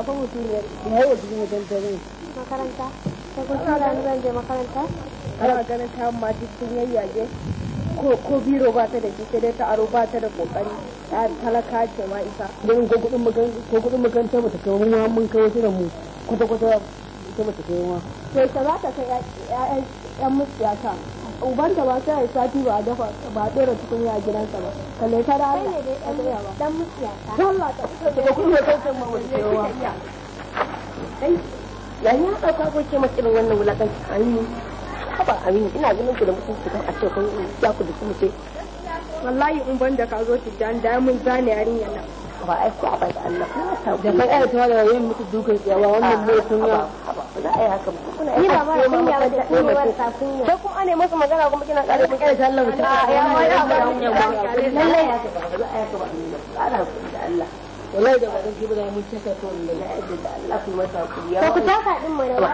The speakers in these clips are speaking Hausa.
baban mutum ne ya yi wajen makaranta ne makaranta ta kun tsara ni zan je ana ganin kayan ma duk ko biro ba ta da shi sai dai ta aro ba ta da kokari ta talaka ce ma isa ko kudin makaranta ko kudin makaranta ba ta mun mun da mu kwata kwata ita ba ta sai ta za ta kai ƴaƴan ƴan musu ya ta ubanta ba sai sati ba a dafa ba a dora tukunya a gidansa ba kalle ta da Allah a tsaya ba dan mutiya ta Allah ta da kuma ya san mu wani cewa kai ya ya ka ka ko ce maka irin wannan wulakanci ayi haba amin ina ganin ku da mutunci kan a ce kun ya ku da kuma ce wallahi in ban da ka zo ki dan da mun zane yarinyar nan ba ai ko ba da Allah kuma ta da kai ai tawala yayin mutu dukan tsayawa wannan ne kun ya za a yi haka kuna ai ba ba kun ya da kun ya ta kun sai kun ane masa magana kuma kina kare ku kare Allah mutum ya ma ya ba ya ba za a yi haka ba da Allah wallahi da badan ki bada mun taka to da la'adda da Allah ku sa kuya ku taka din mana ba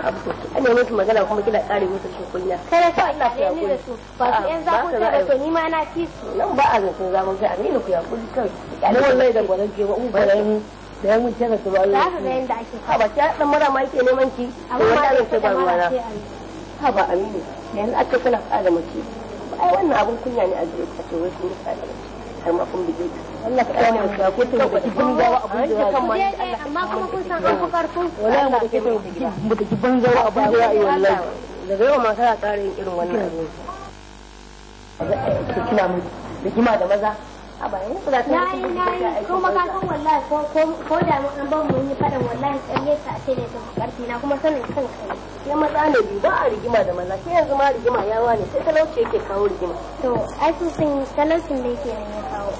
ana musu magana kuma kina kare musu shi kunya kai ka ina fiya ah, ku ba su yan zaku ta to ni ma na ci su nan ba a zaku za ga amina ku ya ku kai wallahi da badan ki ba mu ba mu da ya mun taka to ba Allah za ka ga yanda ake ha ba ta dan mara ma yake neman ki amma da ke ba ruwa na ha ba amina yanzu aka kana kada mace ai wannan abun kunya ne a zuciya to wai kun kada mace har ma kun bige Allah ka kare mu da kotun da gawa abin da ya yi amma kuma kun san an fi karfin wala mu da kifin mu da gawa abin da ya yi wallahi daga yau ma kana ƙara irin wannan abin da kina mu da kima da maza a bayan ku da na yi na yi ko makakan wallahi ko da mun an ban mun yi fadan wallahi tsalle ta ce da ta karfi na kuma sanin kan kai ya matsa bi ba a rigima da maza sai yanzu ma rigima yawa ne sai talauci yake kawo rigima to ai sun talaucin da yake ne ya kawo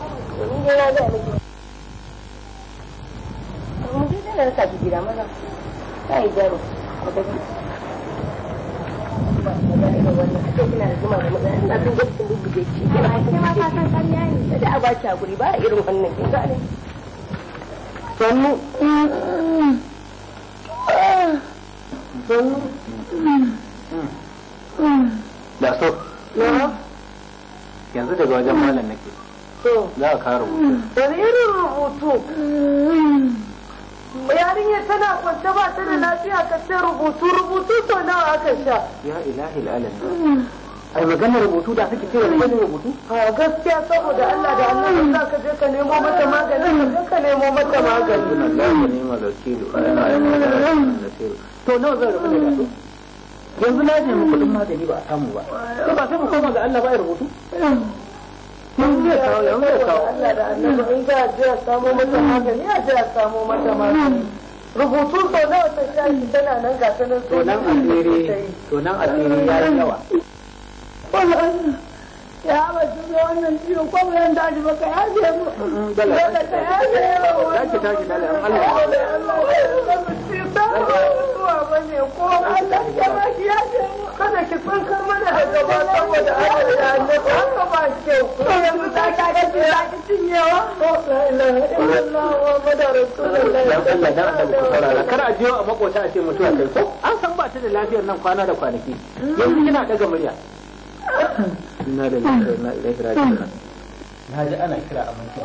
da yanzu daga wajen malam nake to za ka rubutu da irin rubutu yarinyar tana kwance ba ta da lafiya ka ce rubutu rubutu to nawa aka sha ya ilahi alamin ai maganar rubutu da kake cewa ne rubutu ha gaskiya saboda Allah da Allah za ka je ka nemo mata magani ka je ka nemo mata magani Allah ne ma ga gaskiya to nawa zan rubuta da su yanzu na je mu kudin magani ba a samu ba ba sai mu koma ga Allah ba ya rubutu in zai yan zai kawo in za a je a mata magani a je a mata magani rubutu sau nawa ta shayi tana nan ga ta nan to nan asiri to nan asiri ya yi yawa ya ba shi ne wannan ciwo ko ba yan daji ba ka yaje mu dole ka yaje mu dole ka yaje mu Allah Allah zuwa ba ne ko Allah ya ba ki ya ce kada ki mana a gaba saboda Allah ya annabi ba kyau ko yanzu ta ka ga ki za ki cinyewa ko la ilaha illallah muhammadur rasulullah Allah Allah a jiyo a makota a ce mutuwa kai ko an san ba ta da lafiyar nan kwana da kwanaki yanzu kina daga murya inna ana kira a mutuwa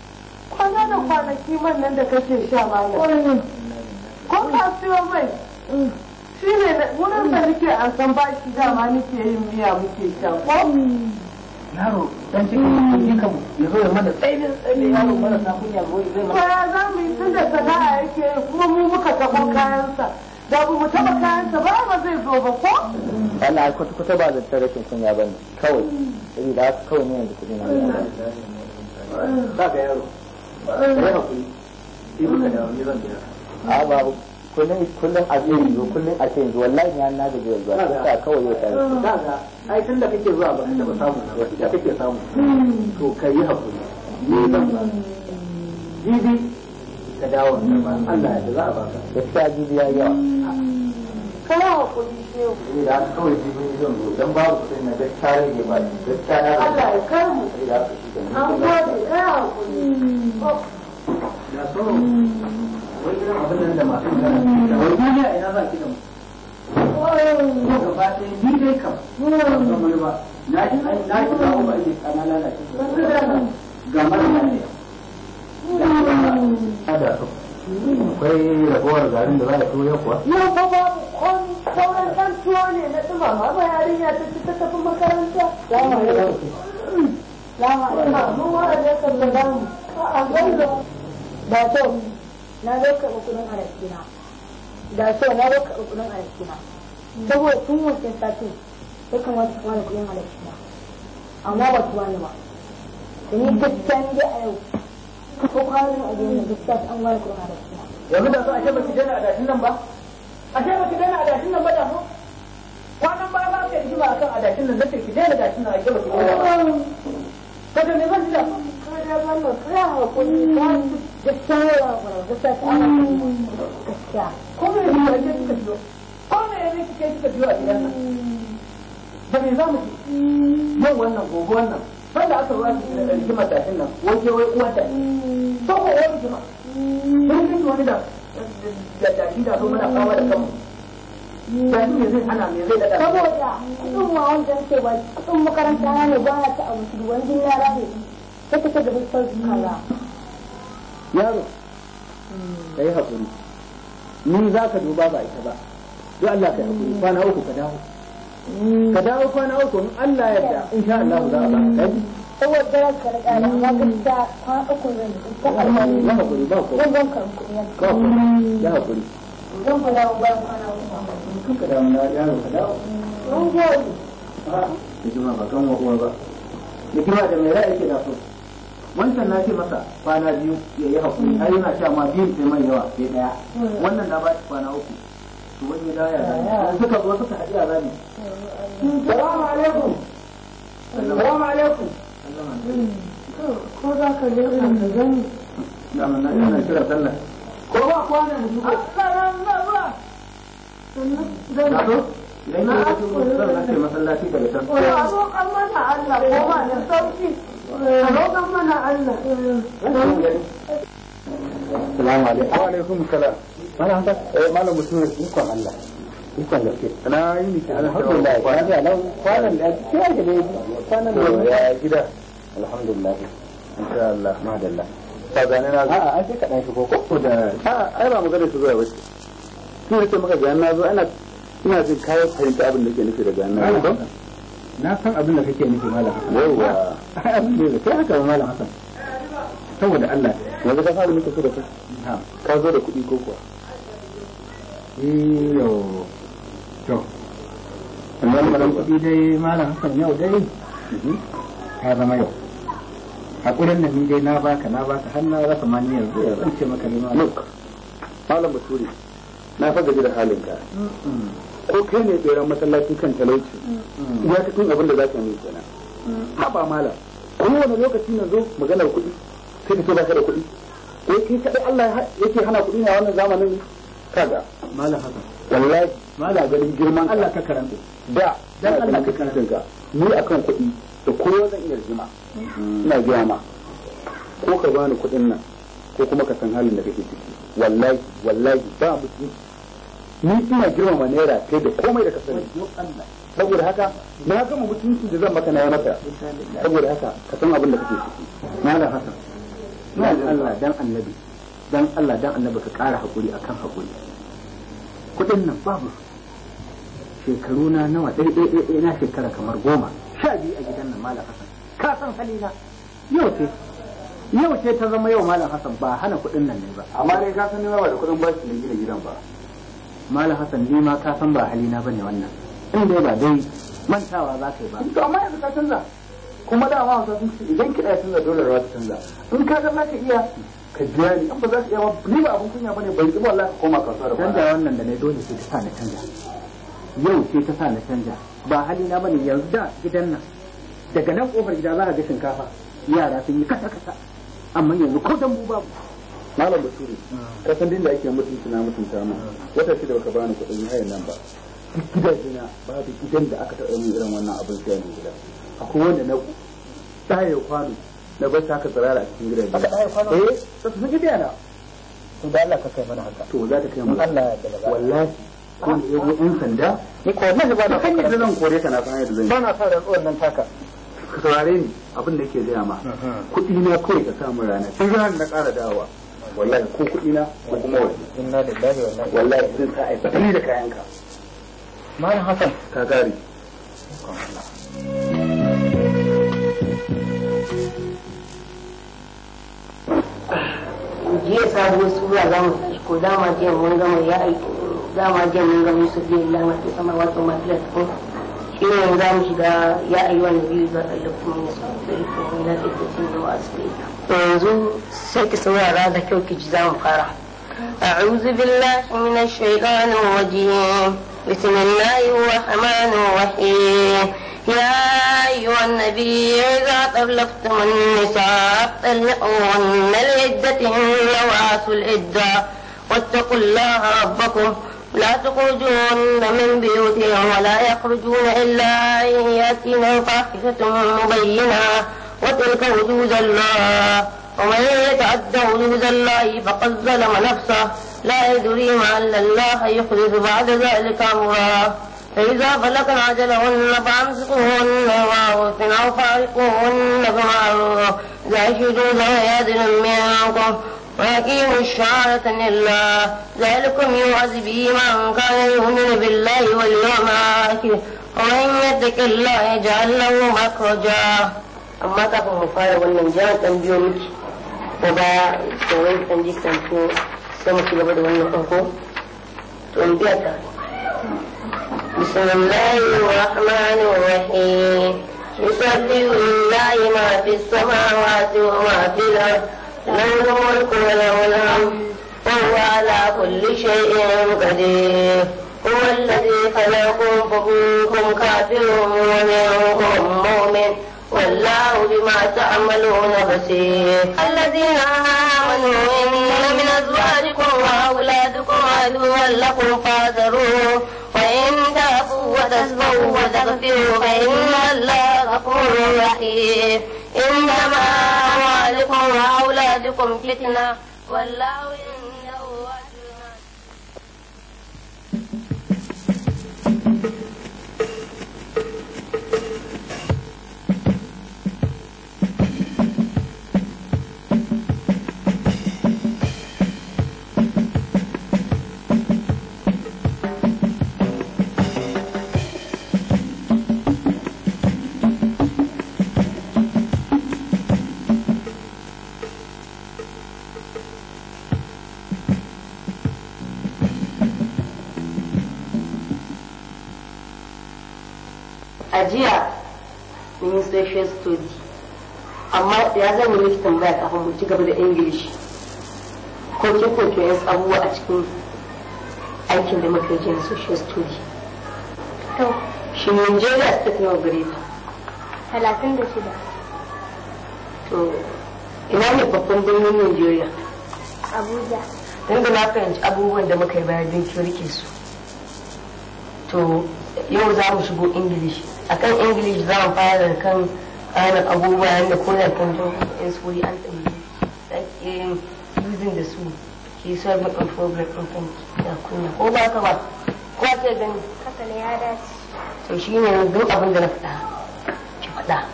kwana da kwanaki man nan da kake sha malam ko ka siyo mai mm. shi ne wurin da nake an san ba shi dama nake yin miya muke sha ko mm. yaro dan cikin mm. kan ya zo ya mana tsayin tsayin yaro mara na kunya zo zai mana ya za mu yi tun da sana'a yake kuma mu muka taɓa kayansa da ba mu taɓa kayansa ba ba zai zo ba ko Allah kwata kwata ba da tarakin rashin kunya bane kawai irin da kawai ne yanzu kudi na ba ga yaro a babu kullum kullum a zai yiwu kullum a ce wallahi ya na gaji yanzu ta kawai tare da ai kake zuwa ba ka samu ba kake samu to yi hakuri ni ba ka dawo Allah ya za a baka gaskiya ya yawa kai hakuri shehu da aka kawai jibin zan zo dan babu kuɗin na gaskiya rage ba ni gaskiya na rage Allah ya kai mu sai da aka shi da an da kai hakuri da hmm. oh. so wai gidan abin nan da masu gana da wai duniya ina za ki da mu oh. gaba ɗaya ni dai kam ba mu hmm. ba na ji na ji ba ba kana lalace ga mara ne hmm. da akwai ragowar garin da za a tuwo kuwa? yau ba babu komi sauran ɗan tuwo ne na ɗumama ba yarinya ta ci ta tafi makaranta za mu yi ɗauki za mu yi mun wara da yakan da ba mu a gaida ba so na zo karɓi kudin arakina da so na zo karɓi kudin arakina saboda tun wancan satin ya kamata su wani kudin arakina amma ba su wani ba da ni gaskiya ni dai a ko kwarin a gefen gaskiya an ware ko hada yanzu ba su ashe ba ki dana adashin nan ba ashe ba ki dana adashin nan ba da ko kwanan ba ba ka yi ba akan adashin nan nace ki dana adashin nan ashe ba ki dana ka da me zan ji da kada ba mu hakuri ba gaskiya ya ba gaskiya ta ana gaskiya ko me ne ba ke kika biyo ko me ne kike kika biyo a gidan nan da me za mu ji yau wannan gobe wannan sanda aka ruwa rigimar dashin nan waje wai uwa da to ko wani rigima sun kai wani da da dashi da zo mana kawo da kanmu dashi me zai hana me zai da saboda kudin ma wancan cewa kudin makaranta na ne ba ta abu su wani yara ne sai ta da gaba sauki yaro ka yi haƙuri ni za ka duba ba ita ba don Allah ka yi haƙuri kwana uku ka dawo ka dawo kwana uku in Allah yarda in sha Allah za a ba ka ji saboda daren ka rika da amma gaskiya kwana uku ne ta alƙali ya hakuri ba ko zan ka hakuri ya haƙuri. zan ku dawo bayan kwana uku ka dawo na yaro ka dawo mun je a hikima ba kan uwa ba hikima da mai ra'ayi ke da so wancan na ce masa kwana biyu ya yi haƙuri. har yana cewa ma biyu sai mai yawa sai ɗaya. Hmm. wannan na ba shi kwana uku السلام عليكم السلام عليكم ko za ka lera da gani da mun nan kira sallah ko ba kwana da shi assalamu alaikum sannan da idan ka yi sallah sai masallaci daga can ko a roƙan mana Allah ko ba da sauki a roƙan mana Allah assalamu alaikum wa alaikum salam mana haka eh malam mutum ikon Allah ikon gaske na yi miki alhamdulillah na ga nan kwanan da kiya ke da kwanan da ya gida alhamdulillah insha Allah madalla ba zane na a a sai kadan shi koko ko da a ai ba magana shi zuwa wace shi yake maka ga na zo ana ina jin kayan fahimta abin da ke nufi daga nan ko na san abin da kake nufi malam yawa ai abin da kai haka malam hasan saboda Allah yanzu ka fara muku su da ka ka zo da kuɗi ko kuwa yo, to wannan dai malam yau dai mhm. zama yau hakurin da ni dai na baka na baka har na rasa ma yanzu ya zance maka ne malam malam na fa gaji da ko kai ne kan talauci ya ka tun abin da za ka yi kenan haba malam kowane lokaci na zo maganar kuɗi sai ka ce da kuɗi ko kai kaɗai Allah yake hana kuɗi a wannan zamanin ne kaga mala haka wallahi mala ganin girman Allah ka karanta da dan Allah ka karanta ni akan kuɗi da kowa zan iya jima mm. ina gaya ma ko ka bani kuɗin nan ko kuma ka san halin da kake ciki wallahi wallahi ba mutum ni ina girmama naira kai da komai da ka sani saboda haka na gama mutunci da zan maka na maka saboda haka ka san abin da kake ciki malam hasan dan Allah dan annabi dan Allah dan annabi ka ƙara haƙuri akan haƙuri kuɗin nan babu shekaru na nawa ɗai na shekara kamar goma sha biyu a gidan nan malam Hassan ka san halina yau ce yau ce ta zama yau malam Hassan ba hana kuɗin nan ne ba amma dai ka san ba da kuɗin bashi ne gina gidan ba malam Hassan ni ma ka san ba halina wannan in dai ba dai mantawa za ka yi ba to amma yanzu ka canza kuma dama wasu sun idan kiɗa ya canza dole rawa ta canza in ka za ka iya ka biya ni in ba za ka iya ni ba abin kunya bane bari ba wallahi ka koma kasuwa da canja wannan da ne dole sai ta sa na canja yau sai ta sa na canja ba hali na bane yanzu da gidan nan daga nan kofar gida za ka ga shinkafa yara sun yi kasa kasa amma yanzu ko dan mu babu malam bature ah. ka san din da ake mutunci na mutunta mu wata shida baka bani kuɗin hayan nan ba duk gidaje na babu gidan da aka taɓa yin irin wannan abin sai gida akwai wanda na tsaye kwano na bar ta haka tsirara a cikin gidan haka ɗaya kwana eh sai sun ji biya na to da Allah ka kai mana haka to za ta kai mana Allah ya da wallahi ko ah. ne yau ɗan sanda ni ko na ba na san da zan kore ka na san yadda zan yi ba na sa rantsuwar nan taka ka saurare ni abin da yake gaya ma kuɗi na kawai ka samu rana tun ranar na ƙara dawowa wallahi ko kuɗi na ko kuma wani inna lillahi wallahi wallahi zan sa ai fatali da kayanka malam hasan ka gari zai sabuwar sura za mu ko dama jiya mun gama ya aiki dama jiya mun gama su biyu lama ta sama wato mafilar tukun shi ne za mu shiga ya ayi wani biyu ga kallafin mu su sai ko na sai ta cin da su to yanzu sai ki saurara da kyau ki ji za mu fara أعوذ بالله من الشيطان الرجيم بسم الله الرحمن الرحيم يا أيها النبي إذا طلقتم النساء طلقوهن لعدتهن وآتوا العدة واتقوا الله ربكم لا تخرجون من بيوتهم ولا يخرجون إلا أن يأتينا فاحشة مبينة وتلك حدود الله ومن يتعدى حدود الله فقد ظلم نفسه لا يدري ما أن الله يخرج بعد ذلك أمرا فإذا فلقن عجلهن فأمسكوهن وأوفن أو فارقوهن بمعروف لا يشهدوا ذوي عدل منكم ويقيموا الشهادة لله ذلكم يوعظ به من كان يؤمن بالله واليوم الآخر ومن يتق الله يجعل له مخرجا أما تقوم قال ومن جاء تنبيهك وبا سويت تنجيك تنبيه سمك لبد ونقوم تنبيه بسم الله الرحمن الرحيم يسبح لله ما في السماوات وما في الأرض له الملك وله الأمر وهو على كل شيء قدير هو الذي خلقكم فمنكم كافر ومنكم مؤمن والله بما تعملون بصير الذين آمنوا إن من أزواجكم وأولادكم عدوا لكم فاذروه وتزكوا وتغفروا فإن الله غفور رحيم إنما أموالكم وأولادكم فتنة والله a jiya mun yi social study amma ya zan yi miki tambaya kafin mu ci gaba da english koke koke ya abubuwa a cikin aikin da muka yi social study to shi nigeria state nawa gare ta talatin da shida to ina ne babban birnin nigeria abuja don da na fahimci abubuwan da muka yi bayan don rike su to yau za mu shigo ingilishi akan english za mu fara da kan ƙarin abubuwa yadda ko da kan zo in wuri an tsaye sake using da su ke solve ɗin problem ɗin kan da kunya ko ba ka ba ko ke gani haka ne ya dace to shi ne duk abin da na faɗa ki faɗa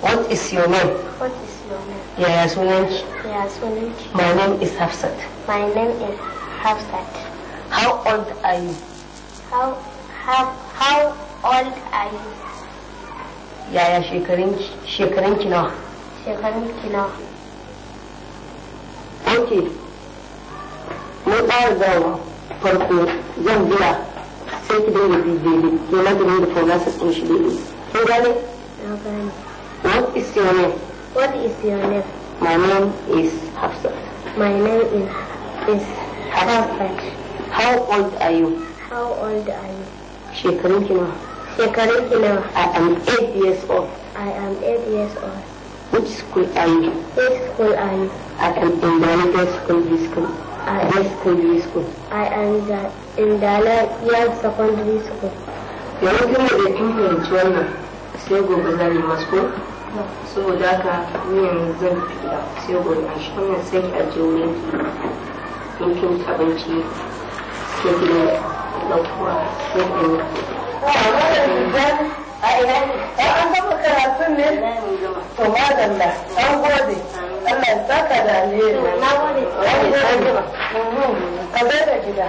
what is your name what is your name yaya sunanki yaya sunanki my name is Hafsat my name is Hafsat how old are you how how how all a yi yaya shekarun ki nawa shekarun ki nawa ok mun tsara da farko zan jira sai ki daina bi daidai ke na gani da fonasis ɗin shi daidai kin gane na gane what is your name what is your name my name is Hafsa my name is is Hafsa how old are you how old are you shekarun ki Shekarun ki I am eight years old. I am eight years old. Which school are you? Which school are you? I am in Dalaga Secondary School. I am Secondary School. I am in Dalaga Secondary School. Yanzu kuma da kin fahimci wannan sai gobe za mu masko. Saboda haka ni yanzu zan fita sai gobe a shi wannan sai ki aje wurin ki. Kin abinci ke ki da ɗaukuwa sai ki an gama karatun ne? To madalla, an gode. Allah ya da da gida.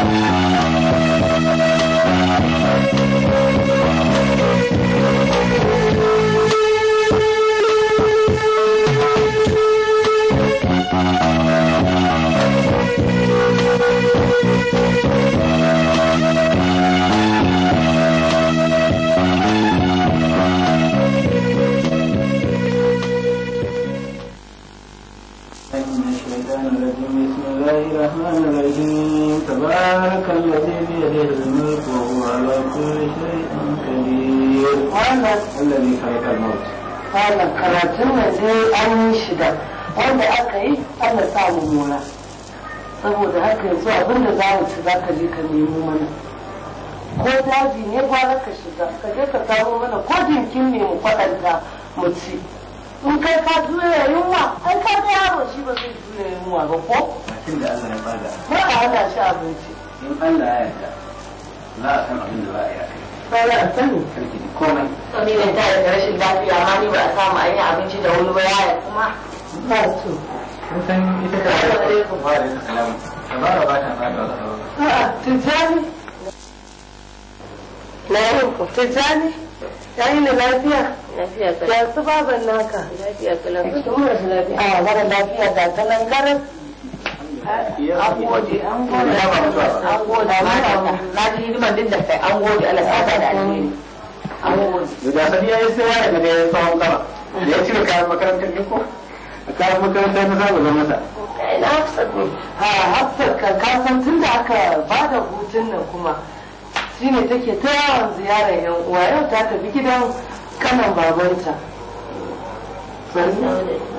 Thank you. malam karatun na dai an yi shida wanda aka yi ana samun mura saboda haka yanzu abinda za mu ci za ka je ka nemo mana ko daji ne gwara ka shiga ka je ka samo mana ko jinkin ne mu faɗanta mu ci in kai ka juya yunwa ai ka ga yaro shi ba zai juya yunwa ba ko tun da Allah ya bada ba a hana shi abinci in Allah ya yarda za a san abin da ba a yi ba za a samu komai to ni ban tare da rashin lafiya ma ni ba a samu a yi abinci da wani ba yaya kuma ba su kusan ita ta ba da yin kuma da yin salamu ba ba ta ba da wata a'a tijjani na yin ku tijjani Ta yi na lafiya lafiya kalan ya su baban naka lafiya kalan kuma rashin lafiya a mara lafiya da kalan karan an gode an gode an gode na ji hidiman din da kai an gode Allah sa da alheri an gode da yayi sai ya tsawon kama da ya cire kayan makarantar ne ko kayan makarantar na zamu zama sa na hafsat ha ka san tunda aka bada hutun nan kuma shine take ta yawan ziyarar yan uwa yau ta tafi gidan kanan babanta sannan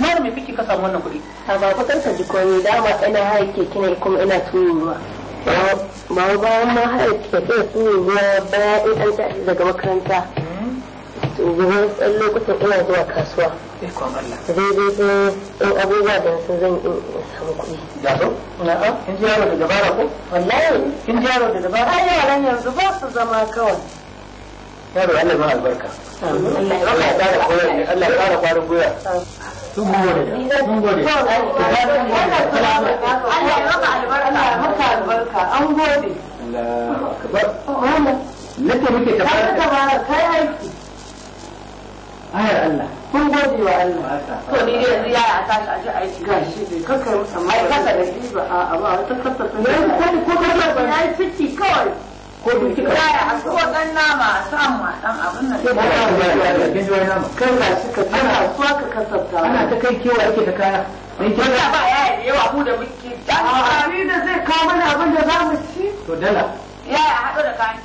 kana da me kike ka samu wannan kuɗi a ba ta ka jikoni dama ina haike kina kuma ina turuwa ba ba ma haye keke turuwa bayan in an tashi daga makaranta zuwan ɗan lokutan ina zuwa kasuwa eh, zai sai in abubuwa da su zan yi in samu kuɗi da so na'a kin ji yaro da dabara ko wallahi kin ji yaro da dabara ai yaran yanzu ba su zama kawai yaro Allah ma albarka Allah ya ƙara koyar Allah ya ƙara ƙwarin gwiwa sun Allah kun gode wa Allah to ni dai yanzu aje aiki gashi dai kasa da a ba ta kasa ne ko kasa ba ciki kawai ko duk kika ya asko dan nama samu a dan abin nan ba ya ya kin jiwa nama kan ka suka ana asuwa ka kasafta ana ta kai kewa yake ta kaya mai ke ba ba ya da yawa mu da muke dan da zai kawo mana abin da za mu ci to dala ya haɗu da kayan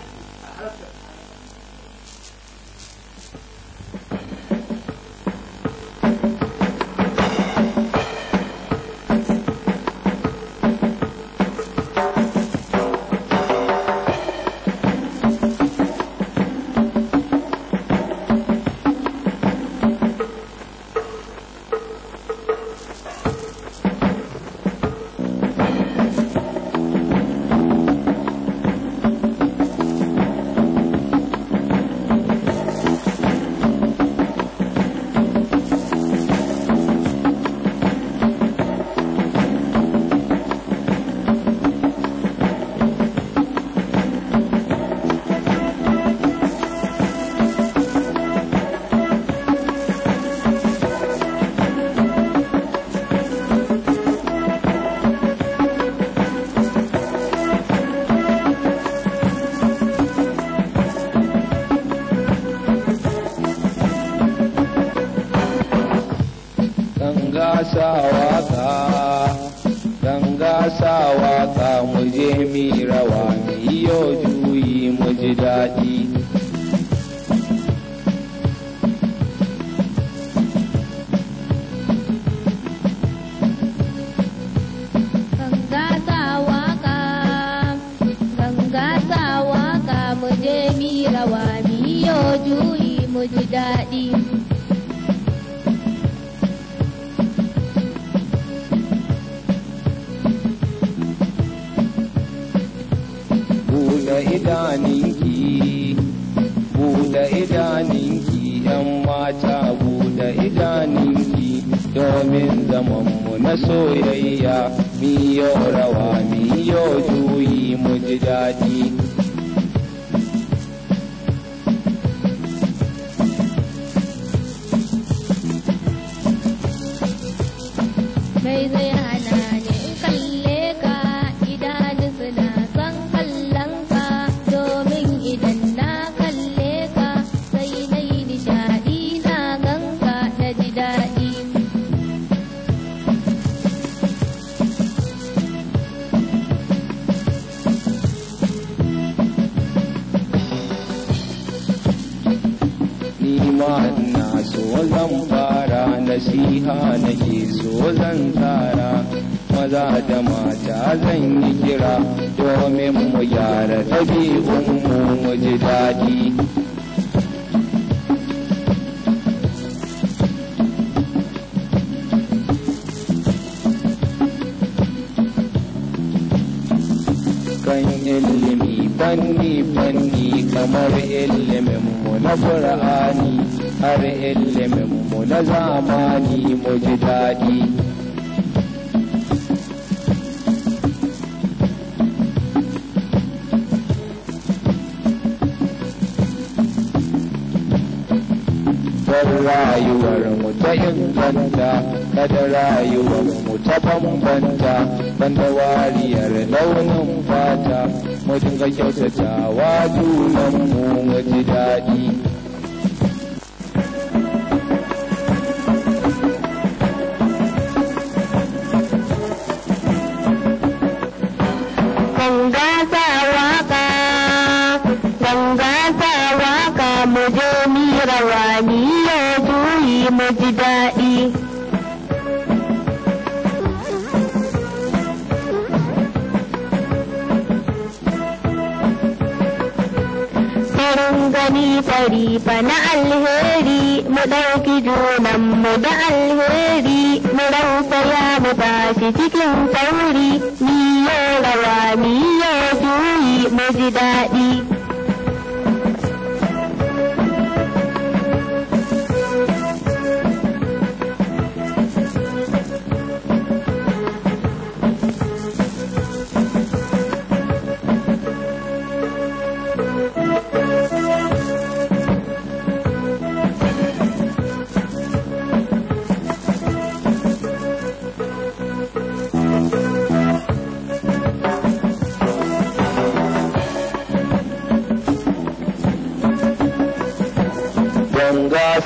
bari na alheri mu ɗauki junan mu da alheri mu rausaya mu bashi cikin sauri ni rawa ni juyi mu ji daɗi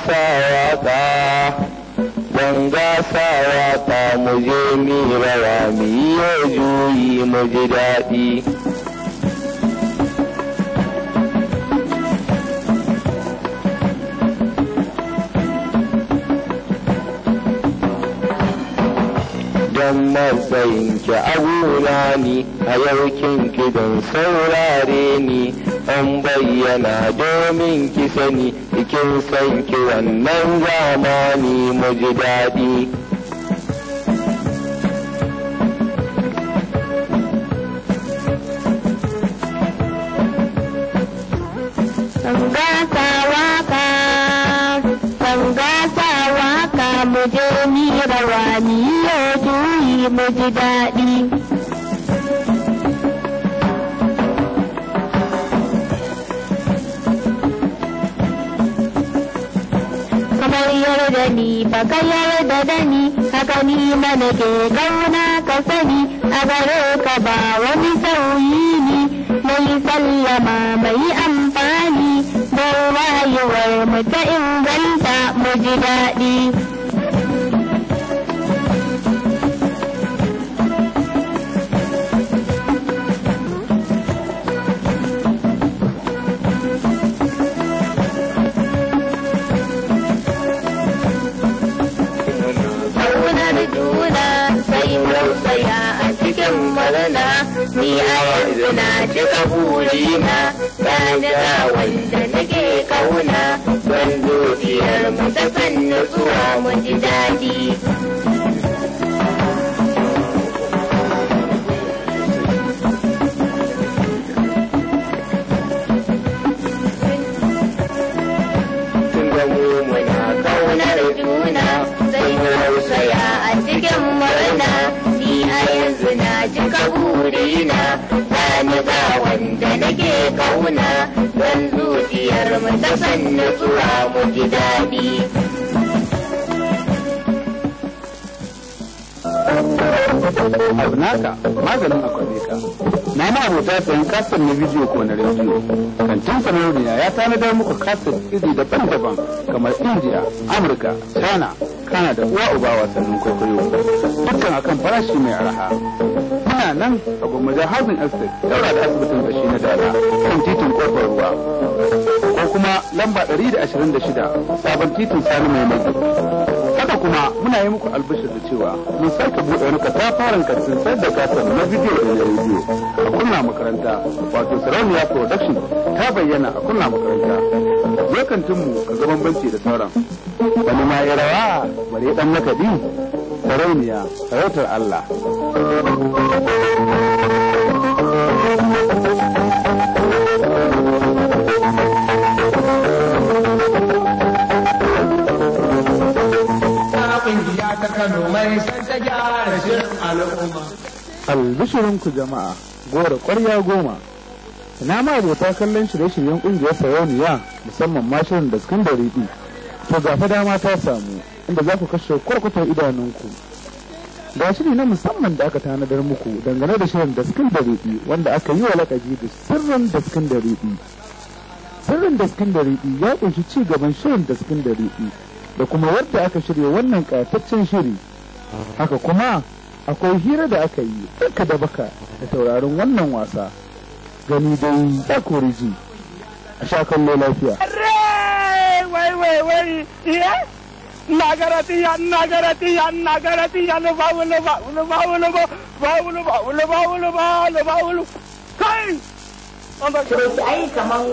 sawata ganga sawata mu je mi rawa mi yi juyi mu ji daɗi don ki abuna ni a ki don saurare ni an bayyana domin ki sani cikin sanki wannan zamani mu ji daɗi mu je ni rawa ni yau juyi mu ji daɗi. yarda ni baka yarda da ni haka ni mana ke kauna ka sani a gare ka ba wani sauyi ni mai sallama mai amfani don rayuwar mu ta inganta mu ji daɗi a yanzu na cika burina na jira wanda nake kauna don zuciyar mu ta fannu zuwa mu ji daɗi. Ba ni ba wanda nake kauna don zuciyar mu ta sanya zuwa mu ji daɗi. Abu maganin akwai ka. na ma abota sayan kasar na bidiyo ko na rediyo kantin sanarwa ya tanadar muku kasar iri daban-daban kamar indiya amurka china kana da uwa uba wasannin kwaikwayo dukkan akan farashi mai araha muna nan a gwamnatin housing estate daura da asibitin gashi na dala kan titin kofar ruwa ko kuma lamba 126 sabon titin sani mai mai haka kuma muna yi muku albishir da cewa mun sake buɗe wani katafaren kantin sayar da gasar na bidiyo da na rediyo a kunna makaranta wato sarauniya production ta bayyana a kunna makaranta akwai kantinmu ka ga da sauran wani ma ya rawa bare dan makaɗi sarauniya sarautar Allah Albishirinku jama'a, gora kwarya goma, na ma abota kallon shirye-shiryen ƙungiyar sarauniya musamman mashirin da sukan da to gafa dama ta samu inda za ku kashe kwarkwatar idanunku ga shiri na musamman da aka tanadar muku dangane da shirin daskin da wanda aka yi wa lakabi da sirrin daskin da sirrin daskin da riɗi ya kunshi ci gaban shirin daskin da da kuma wadda aka shirya wannan ƙayataccen shiri haka kuma akwai hira da aka yi duka da baka da taurarin wannan wasa gani dai kori ji a sha kallo lafiya. wai wai wai iya nagarati ya nagarati ya nagarati ya luba luba luba luba luba luba luba luba luba luba kai. Surutu ai kaman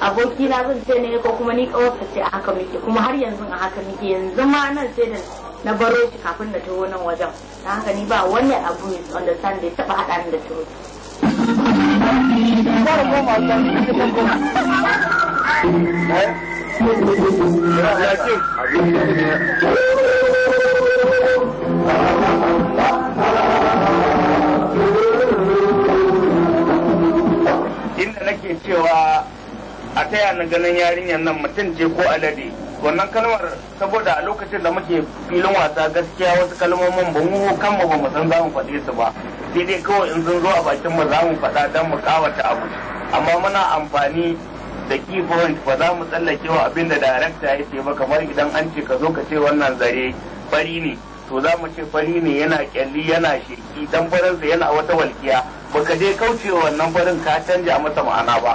aboki na zan ce ne ko kuma ni kawarsa ce a haka muke kuma har yanzu a haka muke yanzu ma nan sai da na baro shi kafin na taho nan wajen ta haka ni ba wani abu misunderstand da ya taɓa haɗa ni da taho. inda nake cewa a taya na ganin yarinyar nan mutum ce ko alade wannan kalmar saboda a lokacin da muke filin wasa gaskiya wasu kalmomin ba mu kan ba san za mu faɗe su ba sai dai kawai in sun zo a bakin mu za mu faɗa don mu kawata abu amma muna amfani da key point ba za mu tsallake wa abin da darakta ya ce ba kamar idan an ce ka zo ka ce wannan zare fari ne to za mu ce fari ne yana kyalli yana sheki dan farinsa yana wata walkiya baka je kaucewa wannan farin ka canja masa ma'ana ba.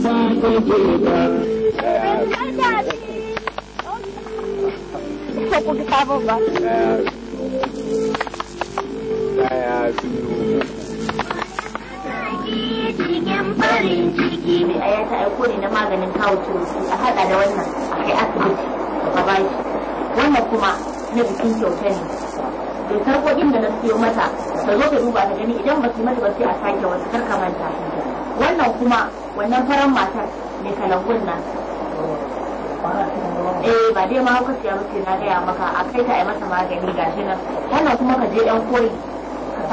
Só porque estava Ai, cikin farin ciki ne a yata aiko ne na maganin kawo turusi a haɗa da wannan a kai asibiti a bashi wannan kuma na bikin kyauta ne bai sarƙoƙin da na siyo mata ka zo ka duba ta gani idan ba su mata ba sai a sake wasu karka manta wannan kuma wannan faran matar ne kalangun nan eh ba dai ma hauka siya mutum na gaya maka a kai ta a yi masa magani gashi nan wannan kuma ka je yan koyi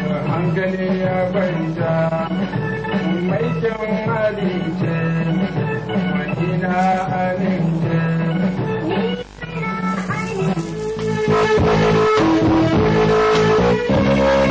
an ya kwanta mai kyan halice madina halice Thank you.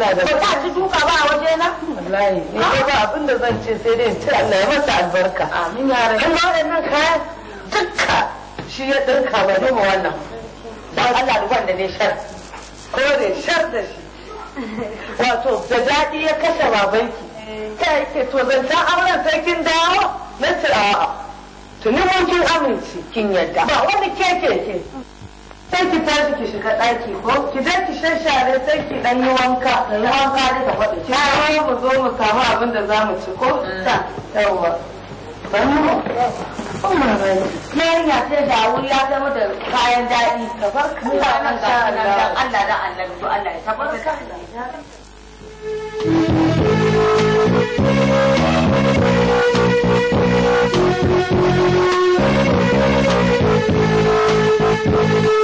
yana da ba ci duka ba a waje na wallahi ni ba abin da zan ce sai dai ce Allah ya masa albarka amin ya rabbi kuma wannan kayan dukka shi ya dinka ba ne wannan dan Allah ruwan da ne shar ko da shar da shi wato da daɗi ya kashe babanki ta yake to zancen auren sai kin dawo na ce a'a tuni mun kin amince kin yadda ba wani keke ke sai ki tashi ki shiga ɗaki ko ki je ki shashare sai ki dan yi wanka yi wanka da ta kwaɗe ki ya mu zo mu samu abin da za mu ci ko mm. ta yawa banu umma da yarinya ta dawo ya zama da kayan daɗi tabarka Allah nan ga Allah Allah da Allah to Allah ya tabarka Thank you.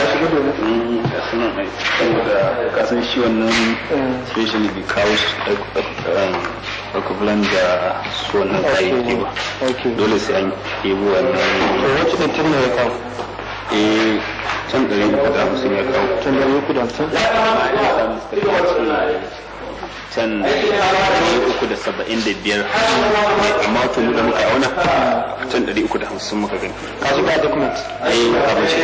ya shiga domin a sanar mai saboda kasan shi wannan especially because eh, eh, equivalent da su wannan kayayyaki ba dole sai an ɗebo wannan wacce da tun ya kawo e can ɗari uku da hamsin ya kawo can ɗari uku da hamsin can uku da saba'in da biyar amma to mu da muka a can ɗari uku da hamsin muka gani. Kasu ba document? abin shi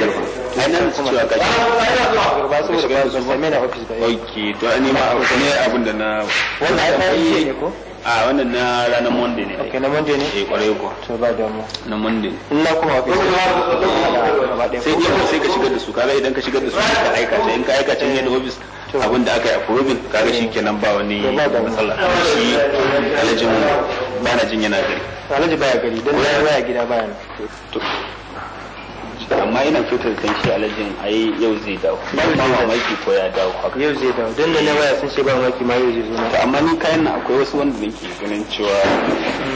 ai nan su cewa kaji da su ne abin da na wannan ai kai ne ko a wannan na ranar monday ne ok na monday ne eh kwarai ko to ba da mu na monday ne ina kuma office sai dai sai ka shigar da su kaga idan ka shigar da su ka aika ta in ka aika ta ne ofis. abin da aka yi approving kaga shi kenan ba wani matsala shi alhajin bana jin yana gari alhaji baya gari dan baya gida baya to amma ina fitar san shi alajin ai yau zai dawo ba mamaki ko ya dawo haka yau zai dawo don da na waya sun ce ba mamaki ma yau zai zo na amma ni kayan na akwai wasu wanda nake ganin cewa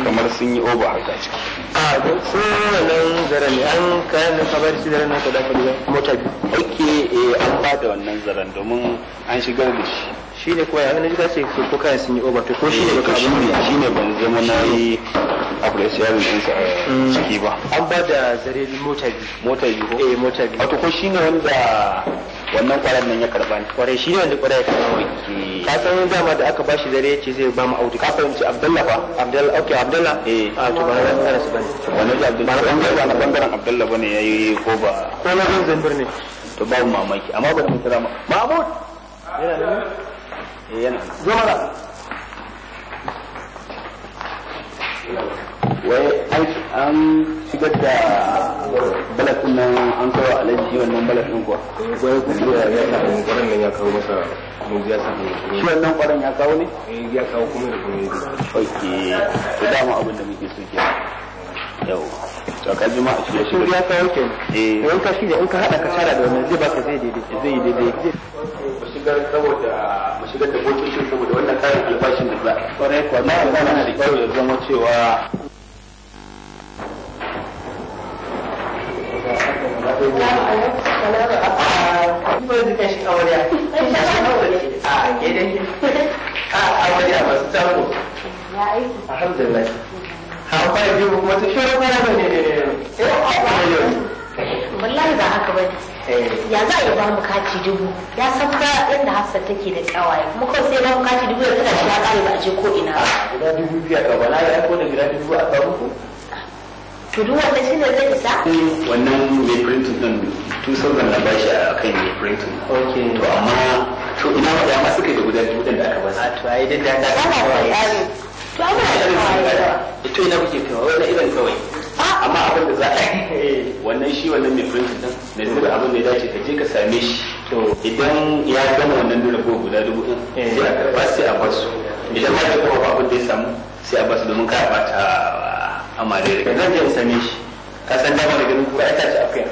kamar sun yi oba haka ciki a sun wannan zaran ne an kayan na kabar shi zaran na ka dafa mota biyu ok eh, an ba da wannan zaran domin an shigar da shi shi ne kuma yanzu ka ce ko kayan sun yi over to ko shi ne ka shi ne shi ne ban zama na yi appreciation din sa ciki ba an ba da zare mota biyu mota biyu ko eh mota biyu wato ko shi ne wanda wannan kwaran nan ya karba ni kwarai shi ne wanda kwarai ya karba ni ka san dama da aka bashi zare yace zai ba mu audi ka fahimci abdullah fa abdullah okay abdullah eh a ah, to ba ran kana ba ne wannan da abdullah ba ran kana bangaren abdullah bane yayi ko ba ko na zan zambir ne to ba mu mamaki amma ba mu kira ma mahmud yana ne yana wai an an shigar da balatin nan an kawo alaji wannan balatin kuwa wai kuma ya ya kawo kwaran nan ya kawo masa mujiya sakin shi wannan kwaran ya kawo ne ya kawo kuma da kuma ya ok to dama abin da muke so kenan yau to ka ji a cikin shi ya kawo eh wani kashi da in ka hada ka tara da wannan zai baka zai daidai zai daidai shigar saboda mu shigar da bokishin saboda wannan tsarin albashin da na da ya zama cewa ah, ah, Alhamdulillah. hawa ba ji kuma su shi ruwa ne ne ne ne wallahi ba haka eh. ya za a yi ba mu kati dubu ya san ka yadda hafsat take da kawaye kuma kawai sai ba mu kati dubu ya kada shi ya kare ba a je ko ina ba ah, guda dubu biya ka wala ya ko da guda dubu a kawo ku to duk wannan shi ne zai isa eh, wannan mai printin din na bashi a kan mai printin okay to amma to ina ba ma suka da guda dubu da aka ba su to ai duk da ta ba to ai ba da to ina kuke kawai wani irin kawai amma abin da za a yi eh, wannan shi wannan mai kunshi din mai zira abin da ya dace ka je ka same shi idan ya gama wannan dole ko guda dubu din eh. sai a karba sai a basu idan ba ta kuma abin da ya samu sai a basu domin karba ta ah, amare ka zan je ka same shi ka san dama da ganin kuka ya tashi a kai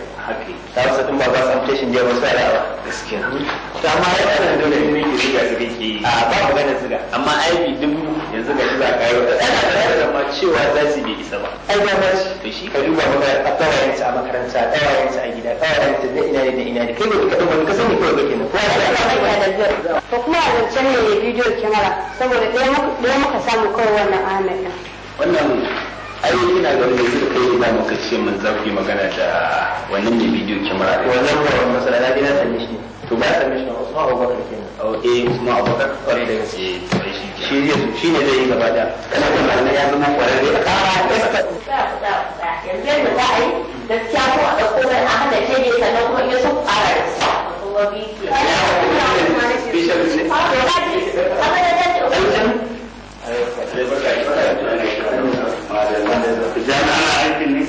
ta wasu ɗin ba za su amce shi ne ba sai ba gaskiya to amma ya tsara dole in miki ziga ziga ke yi. a ba mu gane ziga amma aibi dubu yanzu ga ziga kayo da ana da da ma cewa za su bai isa ba ai ba ba shi to shi ka duba maka a tsawayen a makaranta tsawayen a gida tsawayen sa da ina ne da ina ne kai ba duka duba ka sani kawai ba kenan ko ba da zai to kuma a zancen ne bidiyo kyamara saboda ɗaya muka samu kawai wannan ahmed wannan ai ina ga wanda suka kai ina muka ce mun zafi magana da wannan ne bidiyo kyamara ko wannan ba wannan masala da dina sani shi to ba sani shi Usman Abubakar kenan oh eh Usman Abubakar kwarai da gaske eh, shi ne shi ne zai gaba da kana da malamai ya zama kwararre a kara yanzu yadda za a yi gaskiya ko a ɗauko mai a hada ce ne sannan kuma in sun fara da su kuma biyu ke Bishop ne. Bishop ne. jami'a aikin ne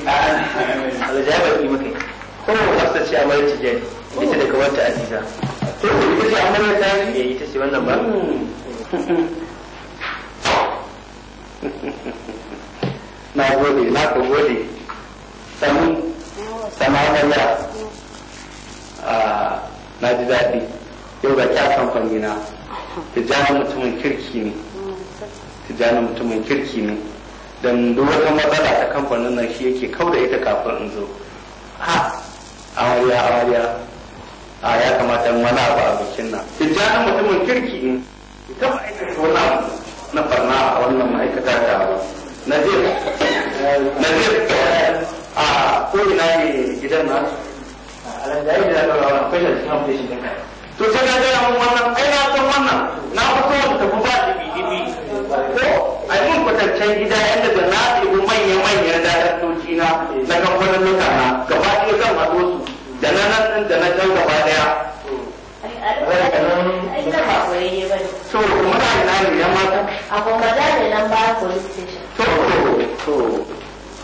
aljaba ki maka ta ta ita na gode na ku gode samu samanaya na ji daɗi yau ga kya fangina na tijanin mutumin kirki ne tijanin mutumin kirki ne don duk wata matsala ta kamfanin nan shi yake kau da ita kafin in zo ha amarya amarya a ya kamata wani abu a bikin nan tijjanin mutumin kirki in ita ma'aikata wani abu na farna a wannan ma'aikata ta abu Na nazir a ko ne gidan na da wani da shi to sai na gaya mun wannan ai na san wannan na fito da tafi ba da bidibi ko a yi mun kwatancen gida yadda da na ɗebi manya-manyan daraktoci na na kamfanin mutana gaba ɗaya zan haɗo su da na nan ɗin da na can gaba ɗaya. So, kuma na ina ne ya mata? A gwamnati da nan ba police station. So, so,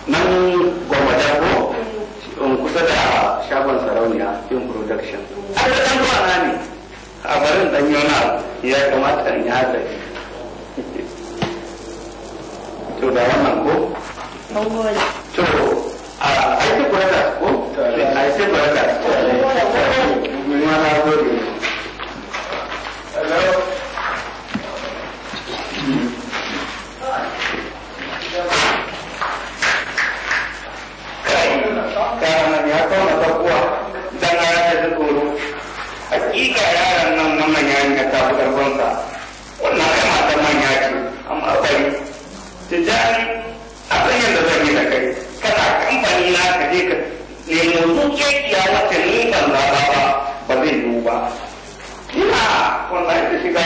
nan gwamnati ko? kusa da shagon sarauniya film production. An da ɗan ne, a barin ɗan yana ya kamata in yi haɗari. to dalam wannan ko to a ai ta kura da ko ai ta kura da ma na gode hello kanan ya kauna sabuwa dan ya ta tsoro hakika yaran nan na tijari jarin abin yadda zan yi da kai kana kamfani na ka je ka nemo zuciya wacce ni ban zaba ba ba zai yiwu ba ina wallahi da shiga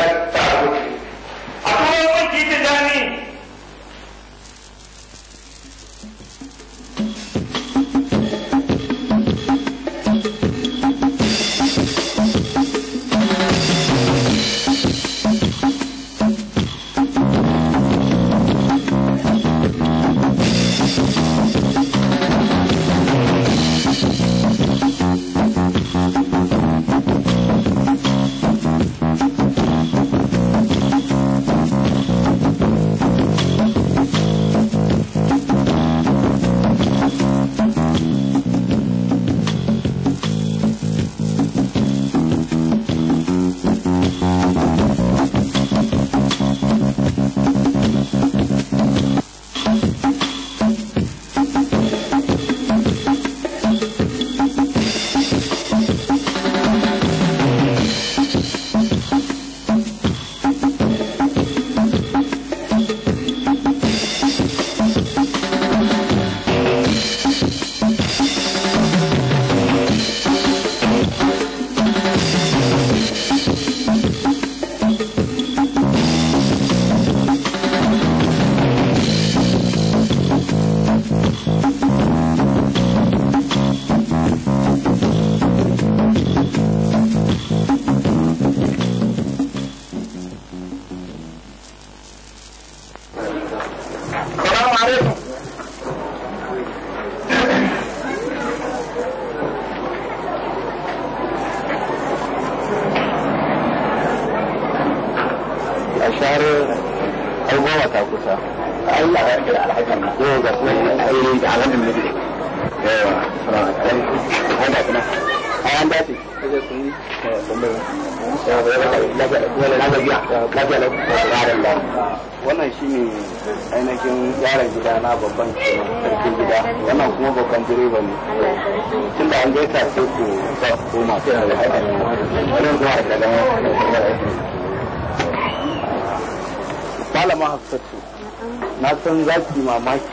san za ki mamaki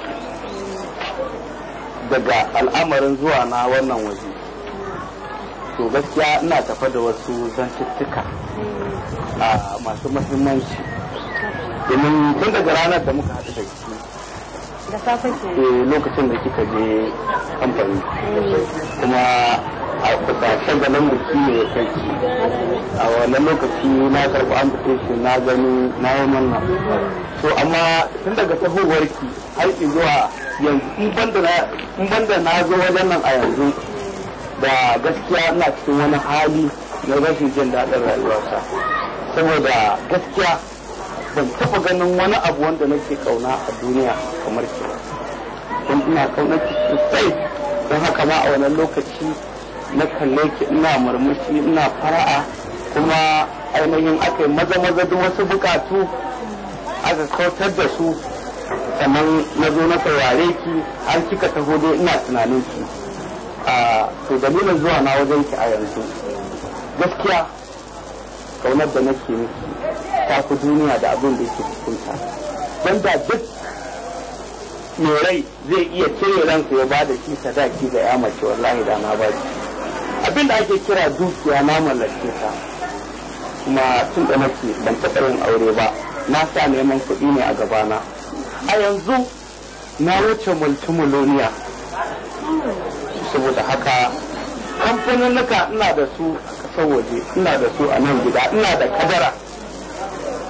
daga al'amarin zuwa na wannan waje to gaskiya ina tafa da wasu zantuttuka a masu mahimmanci domin tun daga ranar da muka haɗu da ki da safe ke eh, lokacin da kika je kamfani eh. kuma a kusashen ne ya a wannan lokaci na karɓi amfitation na gani na yi manna amma tun daga tahowarki har zuwa yanzu in banda na zo wajen nan a yanzu da gaskiya ina cikin wani hali na rashin jin daɗin rayuwarsa saboda gaskiya ban taɓa ganin wani abu wanda nake kauna a duniya kamar ke don ina kaunar sosai don haka ma a wannan lokaci na kalle ki ina murmushi ina fara'a kuma ainihin aka yi maza maza duk wasu bukatu aka kautar da su sannan na zo na saurare ki har kika taho dai ina tunanin ki a to dalilin zuwa na wajen ki a yanzu gaskiya kaunar da nake miki ta fi duniya da abin da yake cikinta don da duk mai rai zai iya cire ransa ya ba da shi sadaki ga ya mace wallahi da na ba shi abinda ake kira dukiya na mallake ta kuma tun da nake ban taɓa yin aure ba na sa neman kuɗi ne a gabana a yanzu na wuce multimiloniya saboda haka kamfaninnuka ina da su a ƙasar waje ina da su a nan gida ina da kadara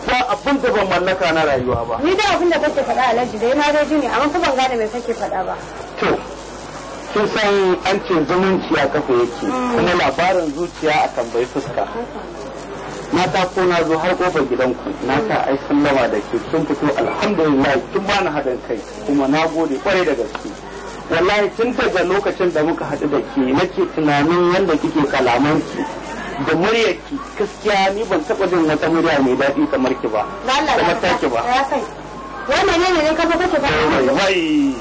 ba abin da ban mallaka na rayuwa ba ni da abin da kake faɗa a alhaji dai na ji ne amma ku ban gane me kake faɗa ba to kusan an ce zumunci a kafa yake kuma labarin zuciya a tambayi fuska mata ko na zo har kofar gidanku na sa ai lama da ke sun fito alhamdulillah tun ba na haɗin kai kuma na gode kwarai da gaske wallahi tun daga lokacin da muka haɗu da ke nake tunanin yadda kike kalamanki da muryarki gaskiya ni ban taɓa jin wata murya mai daɗi kamar ki ba kuma ta ki ba wannan ne ne kafa kake ba wai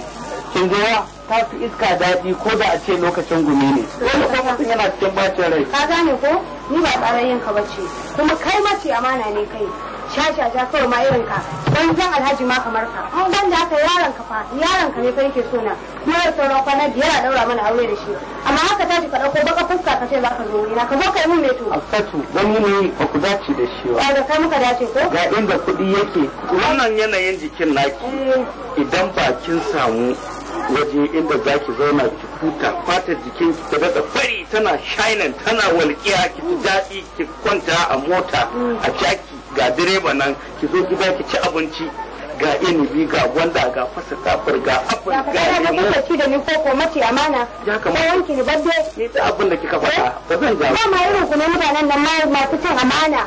kin ga ta fi iska daɗi ko da a ce lokacin gumi ne wani kuma mutum yana cikin bacin rai ka gane ko ni ba yin ka bace kuma kai mace amana ne kai shashasha kawai ma irin ka zan alhaji ma kamar ka an da haka yaron ka fa yaron ka ne kai ke so na kuma yau sauran kwana biyar a daura mana aure da shi amma haka ji ka ɗauko baka fuska ka ce za ka zo wurina ka zo kai mun meto asatu wani ne ba ku dace da shi ba da kai muka dace ko ga inda kuɗi yake wannan yanayin jikin naki eh. idan bakin samu waje inda za ki zauna ki huta fatar jikin ki ta daga fari tana shinin tana walƙiya ki ji daɗi ki kwanta a mota a caki ga direba nan ki zo gida ki ci abinci ga inibi ga gwanda ga fasa kafar ga apple ga lemu ya ka da ni ko ko mace amana ya kamata wanki ni babbe ni ta abin da kika faɗa ba zan ja ba ma irin kuma mutanen nan ma masu cin amana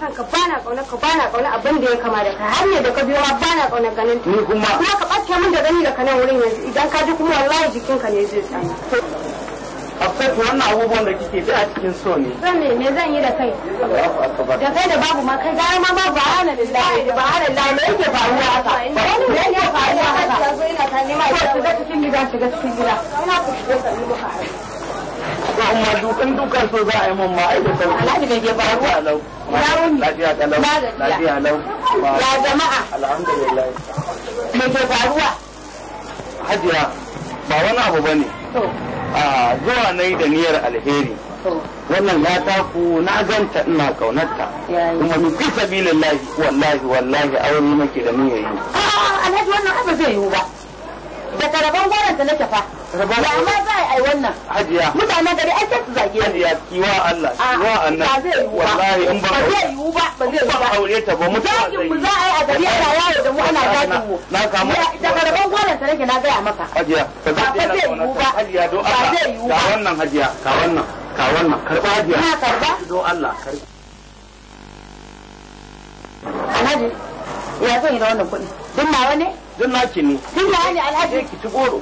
bana son ka bana kauna ka bana kauna abin da ya kama da kai har ne da ka biyo ma bana kauna ganin ni kuma kuma ka bace min da gani da kanan wurin yanzu idan ka ji kuma wallahi jikinka ne zai tsaya akwai wannan abubuwan da kike ji a cikin so ne zan ne me zan yi da kai da kai da babu ma kai gara ma ma ba hana lillahi ba hana lillahi me yake faruwa haka me yake faruwa haka yanzu ina ta nema ita shiga cikin gida shiga cikin gida ina ku shiga sannu muka haɗu ba amma dukan dukan so za a yi mamma ai da alhaji bai ke faruwa lafiya kalau ya jama'a alhamdulillah me ke faruwa hajiya ba wani abu ba ne zuwa na yi da niyyar alheri wannan ya taku na ganta ina kaunarta kuma ni fi sabilillahi wallahi wallahi aure nake da niyyar yi ah, alhaji wannan abu zai yiwu ba daga rabon goron ta nake fa ya ma za a yi wannan hajiya mutanen gari ai sai su zage hajiya kiwa Allah kiwa Allah ba zai yiwu wallahi in ba zai yiwu ba ba zai yiwu ba aure ta ba mutuwa zai mu za a a gari ana yawo da mu ana dakin mu na kama daga rabon goron ta nake na gaya maka hajiya ba zai yiwu ba hajiya do Allah ba zai yiwu ba wannan hajiya ka wannan ka wannan karba hajiya na karba do Allah karba Alhaji ya zan yi da wannan kuɗi duk nawa ne duk ne duk ne alhaji ki ci goro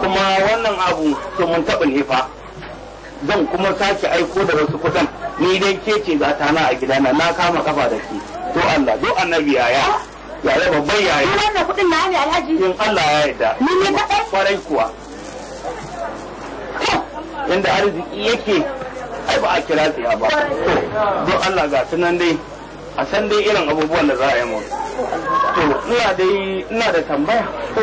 kuma wannan abu to mun taɓa ne fa zan kuma sake aiko da wasu kuɗin ni dai ke ce za ta na a gidana na kama kafa da ke do Allah do annabi yaya yaya babban yaya ni wannan kudin na ne alhaji in Allah ya yarda ni ne kaɗai kwarai kuwa inda arziki yake ai ba a kira tsaya ba to do Allah ga sunan dai a san dai irin abubuwan da za a yi mu to ina dai ina da tambaya ko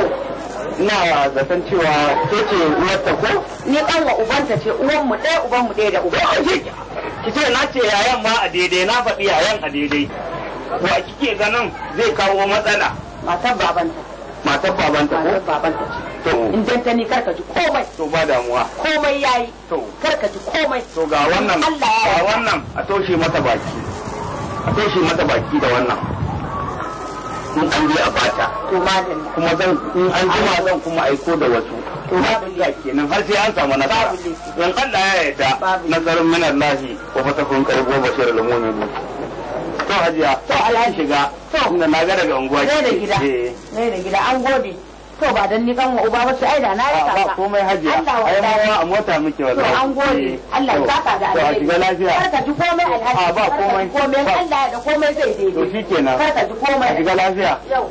ina san cewa ke ce uwarta ko ni dan wa ubanta ce uwan mu dai uban mu dai da uban ki ce na ce yayan ma a daidai na faɗi yayan a daidai wa kike ganin zai kawo matsala matar babanta matar babanta ko baban babanta ce to in dan ta ni karka ji komai to ba damuwa komai yayi to karka ji komai to ga wannan Allah ya wannan a toshe mata baki akwai shi mata baki da wannan in an je a bata kuma zan in an jima zan kuma aiko da wasu to ba kenan har sai an samu nasara in Allah ya yarda nasarar min Allah wa fatahun qarib wa bashirul mu'minin to hajiya to Allah shiga to na ga daga unguwa ne da gida ne eh. da gida an gode to ba dan ni kan wa uba wasu ai da na raka ka ba komai hajiya ai ma a mota muke wallahi to an gode eh, Allah ya saka da alheri to shiga lafiya kar ka ji komai alhaji a ba komai komai Allah da komai zai daidai to shikenan kar ka ji komai shiga lafiya yawa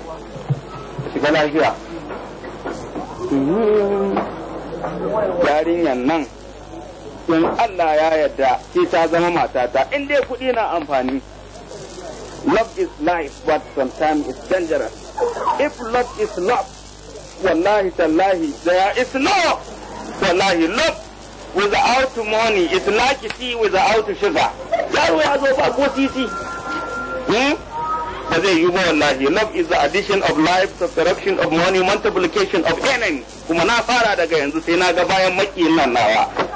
shiga lafiya yarinyan nan in Allah ya yarda sai ta zama matata in dai kuɗi na amfani love is life but sometimes it's dangerous if love is love wallahi tallahi they are slow wallahi look without money it's like tea without sugar ya zo ba ko titi ba zai yi ba wallahi love is the addition of life subtraction of money multiplication of enemy kuma na fara daga yanzu sai na ga bayan makiyin nan nawa